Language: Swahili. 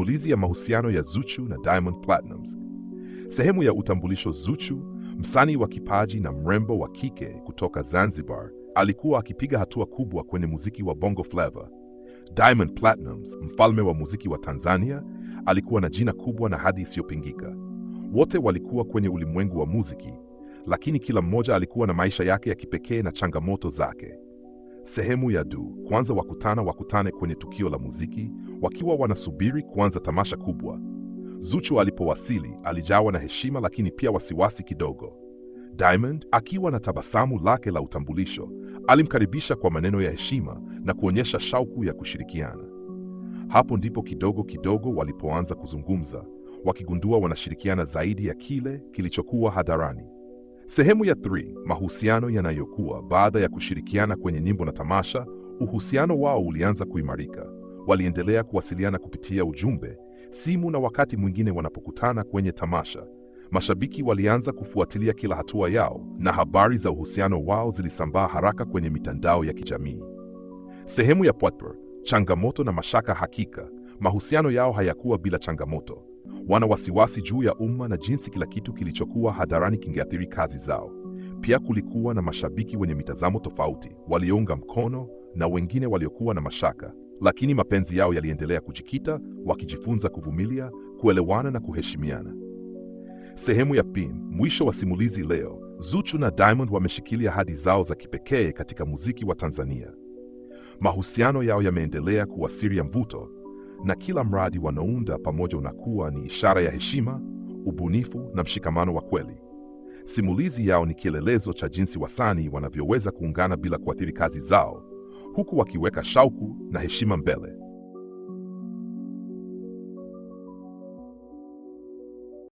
simulizi ya mahusiano ya Zuchu na Diamond Platnumz. Sehemu ya utambulisho: Zuchu, msanii wa kipaji na mrembo wa kike kutoka Zanzibar, alikuwa akipiga hatua kubwa kwenye muziki wa Bongo Flava. Diamond Platnumz, mfalme wa muziki wa Tanzania, alikuwa na jina kubwa na hadhi isiyopingika. Wote walikuwa kwenye ulimwengu wa muziki, lakini kila mmoja alikuwa na maisha yake ya kipekee na changamoto zake. Sehemu ya du kwanza, wakutana wakutane kwenye tukio la muziki wakiwa wanasubiri kuanza tamasha kubwa. Zuchu alipowasili alijawa na heshima, lakini pia wasiwasi kidogo. Diamond akiwa na tabasamu lake la utambulisho alimkaribisha kwa maneno ya heshima na kuonyesha shauku ya kushirikiana. Hapo ndipo kidogo kidogo walipoanza kuzungumza, wakigundua wanashirikiana zaidi ya kile kilichokuwa hadharani. Sehemu ya 3: mahusiano yanayokuwa baada ya kushirikiana kwenye nyimbo na tamasha. Uhusiano wao ulianza kuimarika, waliendelea kuwasiliana kupitia ujumbe, simu na wakati mwingine wanapokutana kwenye tamasha. Mashabiki walianza kufuatilia kila hatua yao na habari za uhusiano wao zilisambaa haraka kwenye mitandao ya kijamii. Sehemu ya 4: changamoto na mashaka. Hakika mahusiano yao hayakuwa bila changamoto. Wana wasiwasi juu ya umma na jinsi kila kitu kilichokuwa hadharani kingeathiri kazi zao. Pia kulikuwa na mashabiki wenye mitazamo tofauti, waliounga mkono na wengine waliokuwa na mashaka, lakini mapenzi yao yaliendelea kujikita, wakijifunza kuvumilia, kuelewana na kuheshimiana. Sehemu ya pili, mwisho wa simulizi leo. Zuchu na Diamond wameshikilia hadi zao za kipekee katika muziki wa Tanzania. Mahusiano yao yameendelea kuwa siri ya mvuto na kila mradi wanaunda pamoja unakuwa ni ishara ya heshima, ubunifu na mshikamano wa kweli. Simulizi yao ni kielelezo cha jinsi wasanii wanavyoweza kuungana bila kuathiri kazi zao, huku wakiweka shauku na heshima mbele.